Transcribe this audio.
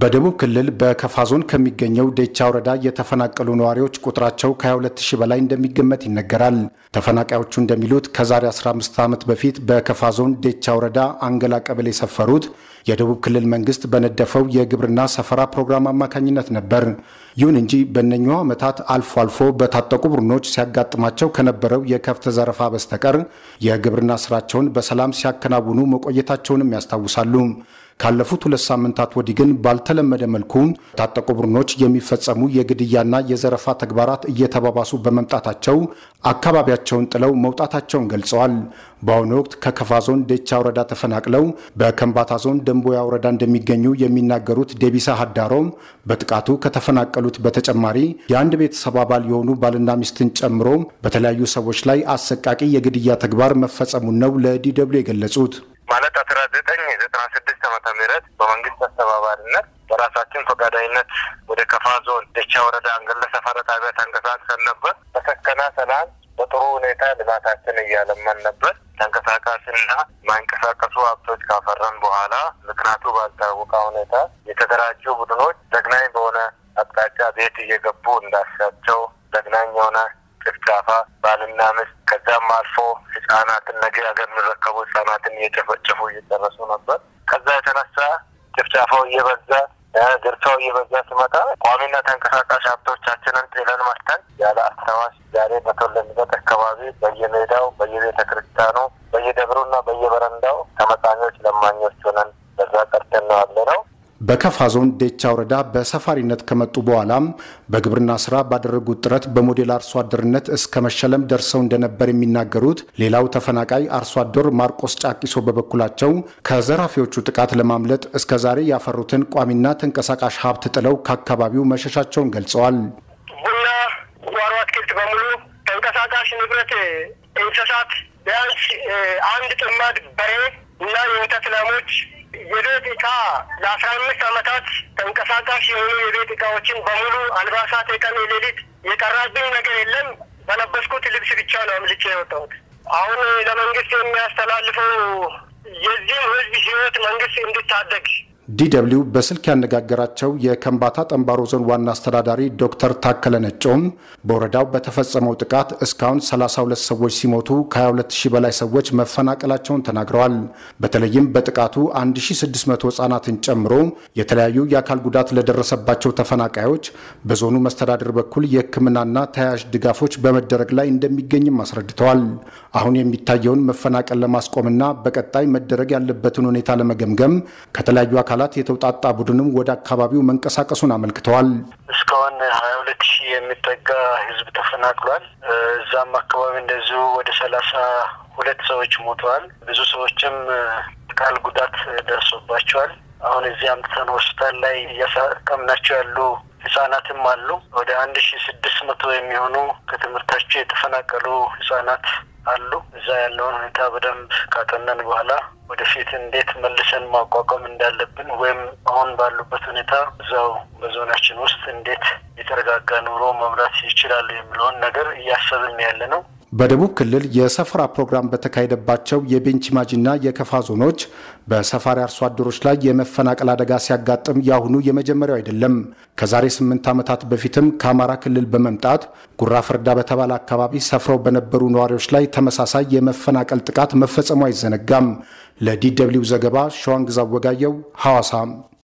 በደቡብ ክልል በከፋ ዞን ከሚገኘው ዴቻ ወረዳ የተፈናቀሉ ነዋሪዎች ቁጥራቸው ከ22 ሺህ በላይ እንደሚገመት ይነገራል። ተፈናቃዮቹ እንደሚሉት ከዛሬ 15 ዓመት በፊት በከፋ ዞን ዴቻ ወረዳ አንገላ ቀበሌ የሰፈሩት የደቡብ ክልል መንግስት በነደፈው የግብርና ሰፈራ ፕሮግራም አማካኝነት ነበር። ይሁን እንጂ በእነኚሁ ዓመታት አልፎ አልፎ በታጠቁ ቡድኖች ሲያጋጥማቸው ከነበረው የከብት ዘረፋ በስተቀር የግብርና ስራቸውን በሰላም ሲያከናውኑ መቆየታቸውንም ያስታውሳሉ። ካለፉት ሁለት ሳምንታት ወዲህ ግን ባልተለመደ መልኩ ታጠቁ ቡድኖች የሚፈጸሙ የግድያና የዘረፋ ተግባራት እየተባባሱ በመምጣታቸው አካባቢያቸውን ጥለው መውጣታቸውን ገልጸዋል። በአሁኑ ወቅት ከከፋ ዞን ደቻ ወረዳ ተፈናቅለው በከንባታ ዞን ደንቦያ ወረዳ እንደሚገኙ የሚናገሩት ደቢሳ ሀዳሮም በጥቃቱ ከተፈናቀሉት በተጨማሪ የአንድ ቤተሰብ አባል የሆኑ ባልና ሚስትን ጨምሮ በተለያዩ ሰዎች ላይ አሰቃቂ የግድያ ተግባር መፈጸሙን ነው ለዲ የገለጹት። ማለት አስራ ዘጠኝ ዘጠና ስድስት ዓመተ ምህረት በመንግስት አስተባባሪነት በራሳችን ፈቃዳዊነት ወደ ከፋ ዞን ደቻ ወረዳ አንገለ ሰፈረ ጣቢያ ተንቀሳቅሰን ነበር። በሰከና ሰላም በጥሩ ሁኔታ ልማታችን እያለመን ነበር። ተንቀሳቃሽና የማይንቀሳቀሱ ሀብቶች ካፈረን በኋላ ምክንያቱ ባልታወቀ ሁኔታ የተደራጁ ቡድኖች ዘግናኝ በሆነ አቅጣጫ ቤት እየገቡ እንዳሻቸው ዘግናኝ የሆነ ጭፍጫፋ፣ ባልና ሚስት ከዛም አልፎ ህጻናትን ነገ ሀገር የሚረከቡ ህጻናትን እየጨፈጨፉ እየጨረሱ ነበር። ከዛ የተነሳ ጭፍጫፋው እየበዛ ግርታው እየበዛ ሲመጣ ቋሚና ተንቀሳቃሽ ሀብቶቻችንን ጥለን መርተን ያለ አስታዋሽ ዛሬ በተወለድንበት አካባቢ በየሜዳው በየቤተ ክርስቲያኑ በየደብሩና በየበረንዳው ተመጻኞች ለማኞች ሆነን በዛ ቀርተን ነው ያለነው። በከፋ ዞን ዴቻ ወረዳ በሰፋሪነት ከመጡ በኋላም በግብርና ስራ ባደረጉት ጥረት በሞዴል አርሶ አደርነት እስከ መሸለም ደርሰው እንደነበር የሚናገሩት ሌላው ተፈናቃይ አርሶ አደር ማርቆስ ጫቂሶ በበኩላቸው ከዘራፊዎቹ ጥቃት ለማምለጥ እስከ ዛሬ ያፈሩትን ቋሚና ተንቀሳቃሽ ሀብት ጥለው ከአካባቢው መሸሻቸውን ገልጸዋል። ቡና፣ ጓሮ አትክልት በሙሉ ተንቀሳቃሽ ንብረት፣ እንስሳት ቢያንስ አንድ ጥማድ በሬ እና የወተት ላሞች የቤት እቃ ለአስራ አምስት ዓመታት ተንቀሳቃሽ የሆኑ የቤት እቃዎችን በሙሉ አልባሳት፣ የቀን የሌሊት የቀራብኝ ነገር የለም። በለበስኩት ልብስ ብቻ ነው አምልጬ የወጣሁት። አሁን ለመንግስት የሚያስተላልፈው የዚህም ህዝብ ህይወት መንግስት እንድታደግ ዲደብሊው በስልክ ያነጋገራቸው የከምባታ ጠንባሮ ዞን ዋና አስተዳዳሪ ዶክተር ታከለ ነጮም በወረዳው በተፈጸመው ጥቃት እስካሁን 32 ሰዎች ሲሞቱ ከ22 በላይ ሰዎች መፈናቀላቸውን ተናግረዋል። በተለይም በጥቃቱ 1600 ህጻናትን ጨምሮ የተለያዩ የአካል ጉዳት ለደረሰባቸው ተፈናቃዮች በዞኑ መስተዳድር በኩል የሕክምናና ተያያዥ ድጋፎች በመደረግ ላይ እንደሚገኝም አስረድተዋል። አሁን የሚታየውን መፈናቀል ለማስቆምና በቀጣይ መደረግ ያለበትን ሁኔታ ለመገምገም ከተለያዩ አካላት የተውጣጣ ቡድንም ወደ አካባቢው መንቀሳቀሱን አመልክተዋል። እስካሁን ሀያ ሁለት ሺህ የሚጠጋ ህዝብ ተፈናቅሏል። እዛም አካባቢ እንደዚሁ ወደ ሰላሳ ሁለት ሰዎች ሞተዋል። ብዙ ሰዎችም አካል ጉዳት ደርሶባቸዋል። አሁን እዚህ አምጥተን ሆስፒታል ላይ እያሳቀምናቸው ያሉ ህጻናትም አሉ። ወደ አንድ ሺ ስድስት መቶ የሚሆኑ ከትምህርታቸው የተፈናቀሉ ህጻናት አሉ። እዛ ያለውን ሁኔታ በደንብ ካጠነን በኋላ ወደፊት እንዴት መልሰን ማቋቋም እንዳለብን ወይም አሁን ባሉበት ሁኔታ እዛው በዞናችን ውስጥ እንዴት የተረጋጋ ኑሮ መምራት ይችላሉ የሚለውን ነገር እያሰብን ያለ ነው። በደቡብ ክልል የሰፈራ ፕሮግራም በተካሄደባቸው የቤንችማጅና የከፋ ዞኖች በሰፋሪ አርሶ አደሮች ላይ የመፈናቀል አደጋ ሲያጋጥም ያሁኑ የመጀመሪያው አይደለም። ከዛሬ ስምንት ዓመታት በፊትም ከአማራ ክልል በመምጣት ጉራ ፈርዳ በተባለ አካባቢ ሰፍረው በነበሩ ነዋሪዎች ላይ ተመሳሳይ የመፈናቀል ጥቃት መፈጸሙ አይዘነጋም። ለዲ ዘገባ ሸዋንግዛ ወጋየው ሐዋሳም